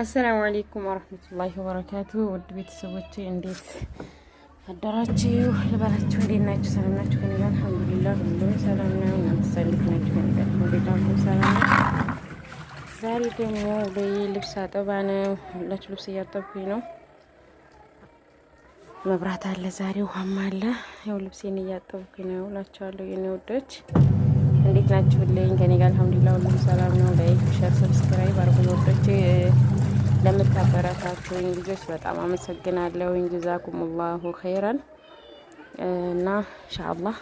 አሰላሙ አሌይኩም ወረህመቱላሂ ወበረካቱ ውድ ቤተሰቦቼ እንዴት አደራችሁ ልበላችሁ? እንዴት ናችሁ? ሰላም ናችሁ? ከእኔ ጋር አልሐምዱሊላህ ሁሉም ሰላም ነው። እናንተ ሰሊት ናችሁ? ከእኔ ጋር ሁሉም ሰላም ነው። ዛሬ ደግሞ ልብስ አጠባ ነው። ሁላችሁ ልብስ እያጠብኩኝ ነው። መብራት አለ ዛሬ፣ ውሃም አለ። ያው ልብሴን እያጠብኩኝ ነው እላችኋለሁ የእኔ ውዶች እንዴት ናችሁልኝ? ከእኔ ጋር አልሐምዱሊላህ ሁሉም ሰላም ነው። ላይክ ሸር፣ ሰብስክራይብ አድርጉ ወዶቼ ለምታበረታችሁኝ ልጆች በጣም አመሰግናለሁኝ። ጀዛኩሙላሁ ኸይረን እና ኢንሻአላህ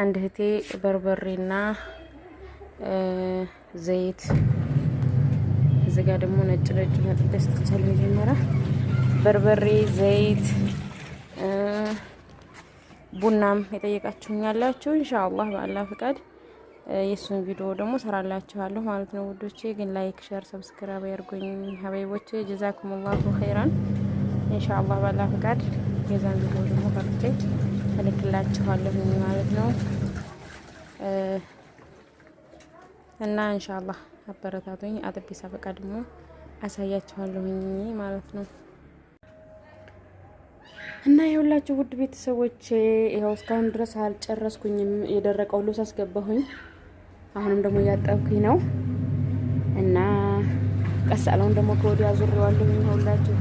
አንድ እህቴ በርበሬና ዘይት እዚህ ጋር ደግሞ ነጭ ነጭ መጥበስ ትቻል መጀመሪያ በርበሬ፣ ዘይት፣ ቡናም የጠየቃችሁኝ ያላችሁ ኢንሻአላህ በአላህ ፍቃድ የእሱን ቪዲዮ ደግሞ ሰራላችኋለሁ ማለት ነው ውዶቼ። ግን ላይክ፣ ሸር፣ ሰብስክራይብ ያርጉኝ ሀበይቦቼ። ላሁ ኸይራን ኢንሻአላህ ባላ ፈቃድ የዛን ቪዲዮ ደግሞ ከፍቼ እልክላችኋለሁ ማለት ነው እና ኢንሻአላህ አበረታቱኝ። አጥቤ ሳበቃ ደግሞ አሳያችኋለሁኝ ማለት ነው። እና የሁላችሁ ውድ ቤተሰቦች ይኸው እስካሁን ድረስ አልጨረስኩኝም። የደረቀው ልብስ አስገባሁኝ። አሁንም ደግሞ እያጠብኩኝ ነው እና ቀሳለውን ደግሞ ከወዲያ ዙሬዋለሁ ይኸውላችሁ።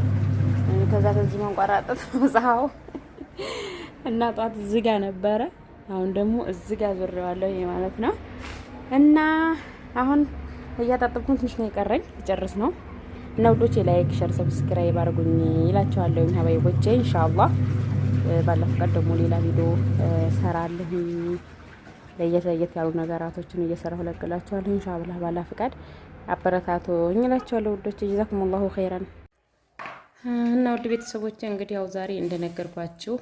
ከዛ ከዚህ መንቋራጠጥ መጽሐው እና ጧት እዚህ ጋር ነበረ። አሁን ደግሞ እዚህ ጋር ዙሬዋለሁ ማለት ነው። እና አሁን እያጣጠብኩኝ ትንሽ ነው የቀረኝ ልጨርስ ነው። እና ውዶቼ ላይክ፣ ሸር፣ ሰብስክራይብ አድርጉኝ ይላችኋለሁ። ሀባይ ቦቼ ኢንሻአላህ ባለፈው ቀን ደግሞ ሌላ ቪዲዮ ሰራለሁ። ለየት ለየት ያሉ ነገራቶችን እየሰራሁ ለቅላችኋለሁ። ኢንሻአላህ ባላ ፍቃድ አበረታቶኝ እላችኋለሁ ውዶች። ላሁ ኸይረን እና ውድ ቤተሰቦች እንግዲህ ያው ዛሬ እንደነገርኳችሁ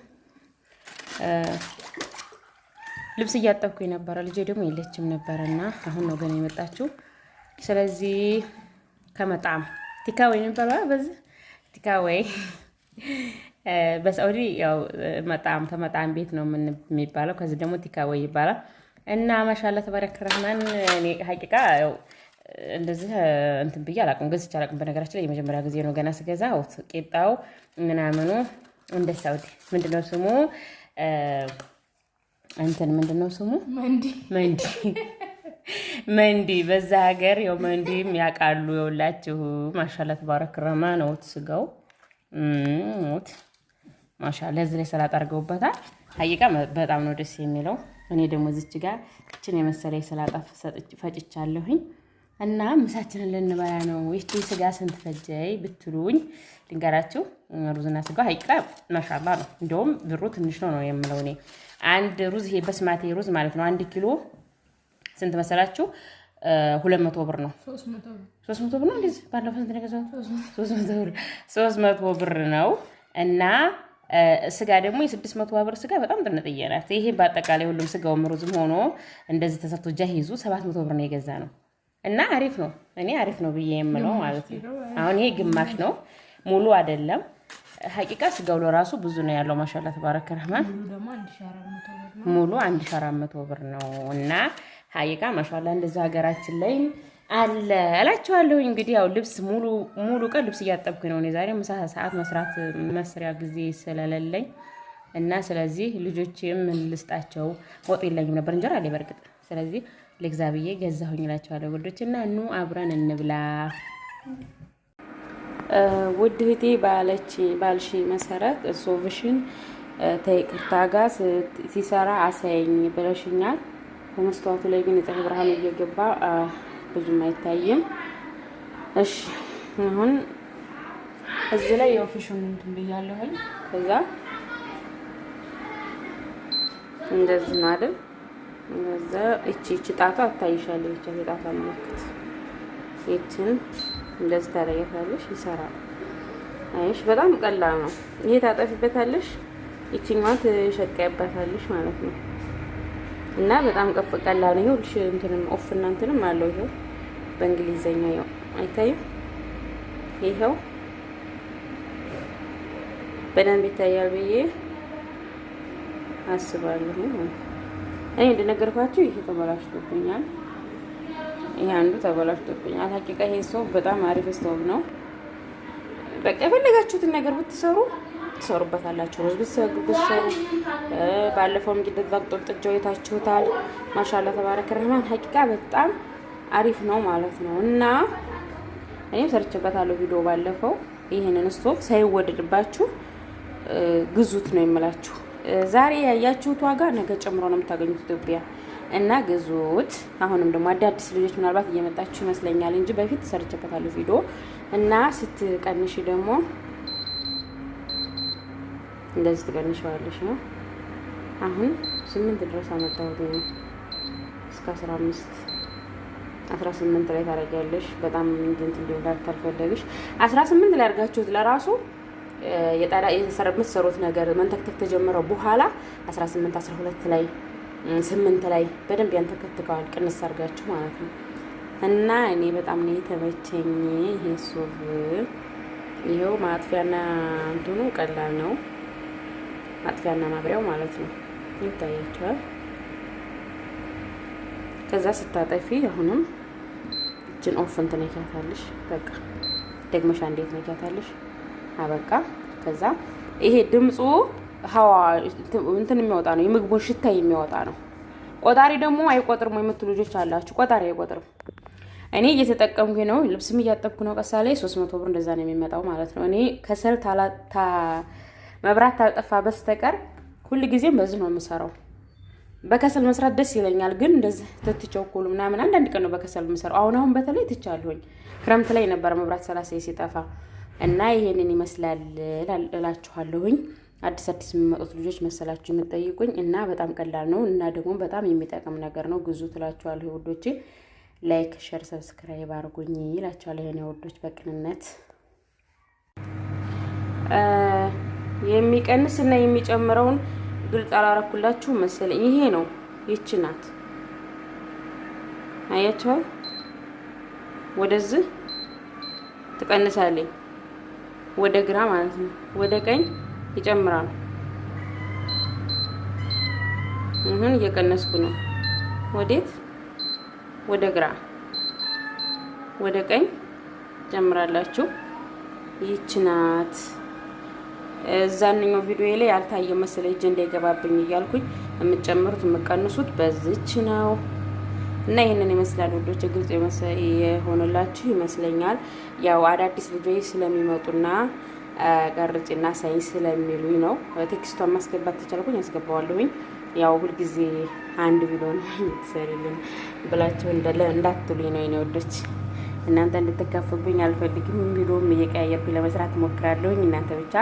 ልብስ እያጠብኩ ነበረ። ልጄ ደግሞ የለችም ነበረና አሁን ነው ገና የመጣችው። ስለዚህ ከመጣም ቲካወይ ነበረ በዚህ ወይ በሳዑዲ ያው መጣም ተመጣም ቤት ነው የሚባለው። ከዚህ ደግሞ ቲካወይ ይባላል። እና ማሻላ ተባረክ ረህማን። እኔ ሀቂቃ እንደዚህ እንትን ብዬ አላውቅም፣ ገዝቼ አላውቅም። በነገራችን ላይ የመጀመሪያ ጊዜ ነው ገና ስገዛ። ቂጣው ምናምኑ እንደ ሳውዲ ምንድነው ስሙ እንትን ምንድነው ስሙ መንዲ መንዲ መንዲ በዛ ሀገር ያው መንዲም ያውቃሉ። የውላችሁ ማሻላ ተባረክ ረህማን ነው ስጋው ማሻላ እዚህ ላይ ሰላጣ አድርገውበታል። ሀቂቃ በጣም ነው ደስ የሚለው። እኔ ደግሞ ዝች ጋር ክችን የመሰለ የሰላጣ ፈጭቻለሁኝ እና ምሳችንን ልንበላ ነው። ይህችን ስጋ ስንት ፈጀይ ብትሉኝ ልንገራችሁ። ሩዝና ስጋ ሀይቅራ ማሻላ ነው። እንደውም ብሩ ትንሽ ነው ነው የምለው እኔ አንድ ሩዝ ይሄ በስማቴ ሩዝ ማለት ነው። አንድ ኪሎ ስንት መሰላችሁ? ሁለት መቶ ብር ነው። ሶስት መቶ ብር ነው። እንደዚህ ባለፈው ስንት ነገዛ? ሶስት መቶ ብር ነው እና ስጋ ደግሞ የስድስት መቶ ብር ስጋ በጣም ጥንጥዬ ናት። ይሄ በአጠቃላይ ሁሉም ስጋውም ሩዝም ሆኖ እንደዚህ ተሰርቶ ጃሂዙ ሰባት መቶ ብር ነው የገዛ ነው እና አሪፍ ነው። እኔ አሪፍ ነው ብዬ የምለው ማለት ነው። አሁን ይሄ ግማሽ ነው ሙሉ አይደለም። ሀቂቃ ስጋው ለራሱ ብዙ ነው ያለው። ማሻላ ተባረከ ረህማን ሙሉ አንድ ሺ አራት መቶ ብር ነው እና ሀቂቃ ማሻላ እንደዚ ሀገራችን ላይ አለ እላችኋለሁ። እንግዲህ ያው ልብስ ሙሉ ሙሉ ቀን ልብስ እያጠብኩ ነው። እኔ ዛሬ ምሳ ሰዓት መስራት መስሪያ ጊዜ ስለሌለኝ እና ስለዚህ ልጆችም ልስጣቸው ወጥ የለኝም ነበር እንጀራ አለ በርግጥ። ስለዚህ ልግዛ ብዬ ገዛሁኝ እላችኋለሁ ወዶች እና ኑ አብረን እንብላ። ውድ እህቴ ባለች ባልሽ መሰረት ሶብሽን ተይቅርታ ጋር ሲሰራ አሳየኝ ብለሽኛል። በመስተዋቱ ላይ ግን የፀሐይ ብርሃን እየገባ ብዙም አይታይም። እሺ አሁን እዚህ ላይ ያው ፊሹን እንትን ብያለሁኝ። ከዛ እንደዚህ ነው አይደል? እንደዛ እቺ እቺ ጣቷ አታይሻለሁ። እቺ ጣቷ ምልክት እቺን እንደዚህ ታደርጊያታለሽ፣ ይሰራል። አይሽ በጣም ቀላል ነው። ይሄ ታጠፊበታለሽ፣ እቺኛዋ ትሸቀያባታለሽ ማለት ነው። እና በጣም ቀፍ ቀላል ነው። ይሁን እንትንም ኦፍ እና እንትንም አለው። ይሄው በእንግሊዘኛ ይው አይታይም። ይሄው በደንብ ይታያል ብዬ አስባለሁ። እኔ እንደነገርኳችሁ ይሄ ተበላሽቶብኛል። ይሄ አንዱ ተበላሽቶብኛል። ሀቂቃ ይሄ ሰው በጣም አሪፍ ስቶቭ ነው። በቃ የፈለጋችሁትን ነገር ብትሰሩ ትሰሩበታላችሁ። ሩዝ ብትሰሩ ባለፈውም እንግዲህ እዛ ቁጥጥጃው የታችሁታል። ማሻላ ተባረከ ረህማን ሀቂቃ በጣም አሪፍ ነው ማለት ነው። እና እኔም ሰርችበታለሁ ቪዲዮ ባለፈው። ይህንን ስቶቭ ሳይወደድባችሁ ግዙት ነው የምላችሁ። ዛሬ ያያችሁት ዋጋ ነገ ጨምሮ ነው የምታገኙት ኢትዮጵያ እና ግዙት። አሁንም ደግሞ አዳዲስ ልጆች ምናልባት እየመጣችሁ ይመስለኛል እንጂ በፊት ሰርችበታለሁ ቪዲዮ እና ስትቀንሽ ደግሞ እንደዚህ ትቀንሸዋለሽ ነው። አሁን ስምንት ድረስ አመጣሁት ነው እስከ አስራ አምስት አስራ ስምንት ላይ ታደርጊያለሽ። በጣም እንትን እንዲሆን ካልፈለግሽ አስራ ስምንት ላይ አድርጋችሁት ለራሱ የምትሰሩት ነገር መንተክተክ ተጀመረው በኋላ አስራ ስምንት አስራ ሁለት ላይ ስምንት ላይ በደንብ ያንተከትከዋል። ቅንስ አድርጋችሁ ማለት ነው። እና እኔ በጣም ነው የተመቸኝ ይሄ ሱቭ። ይኸው ማጥፊያና እንትኑ ቀላል ነው። ማጥፊያና ማብሪያው ማለት ነው። ይታያቸዋል። ከዛ ስታጠፊ አሁንም እጅን ኦፍ እንትን በቃ ደግመሻ እንዴት ነኪያታለሽ። አበቃ። ከዛ ይሄ ድምፁ ሀዋ እንትን የሚወጣ ነው፣ የምግቡን ሽታ የሚወጣ ነው። ቆጣሪ ደግሞ አይቆጥርም የምትሉ ልጆች አላችሁ። ቆጣሪ አይቆጥርም። እኔ እየተጠቀምኩ ነው። ልብስም እያጠብኩ ነው። ቀሳ ላይ ሶስት መቶ ብር እንደዛ ነው የሚመጣው ማለት ነው። እኔ ከሰል መብራት አጠፋ በስተቀር ሁልጊዜም በዚህ ነው የምሰራው። በከሰል መስራት ደስ ይለኛል፣ ግን እንደዚህ ትትቸኩሉ ምናምን አንዳንድ ቀን ነው በከሰል የምሰራው። አሁን አሁን በተለይ ትቻለሁኝ። ክረምት ላይ ነበር መብራት ሰላሳ ሲጠፋ እና ይሄንን ይመስላል እላችኋለሁኝ። አዲስ አዲስ የሚመጡት ልጆች መሰላችሁ የምትጠይቁኝ እና በጣም ቀላል ነው እና ደግሞ በጣም የሚጠቅም ነገር ነው። ግዙ ትላችኋለሁ ውዶቼ። ላይክ፣ ሸር፣ ሰብስክራይብ አድርጉኝ ይላችኋለሁ የኔ ውዶች በቅንነት የሚቀንስ እና የሚጨምረውን ግልጽ አላረኩላችሁ መሰለኝ። ይሄ ነው ይች ናት። አያችሁ፣ ወደዚህ ትቀንሳለኝ፣ ወደ ግራ ማለት ነው፣ ወደ ቀኝ ይጨምራል። አሁን እየቀነስኩ ነው። ወዴት? ወደ ግራ፣ ወደ ቀኝ ጨምራላችሁ። ይች ናት። እዛንኛው ቪዲዮ ላይ ያልታየ መስለ እጅ እንዳይገባብኝ እያልኩኝ የምትጨምሩት የምቀንሱት በዚች ነው እና ይህንን ይመስላል ውዶች። ግልጽ የሆነላችሁ ይመስለኛል። ያው አዳዲስ ልጆች ስለሚመጡና ቀርጭና ሳይ ስለሚሉኝ ነው። ቴክስቷን ማስገባት ተቻልኩኝ ያስገባዋለሁኝ። ያው ሁልጊዜ አንድ ቪዲዮ ነው ትሰሪልን ብላችሁ እንዳትሉኝ ነው የኔ ውዶች። እናንተ እንድትከፉብኝ አልፈልግም። ቪዲዮም እየቀያየርኩኝ ለመስራት ሞክራለሁኝ። እናንተ ብቻ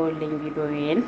እውልኝ ቪዲዮዬን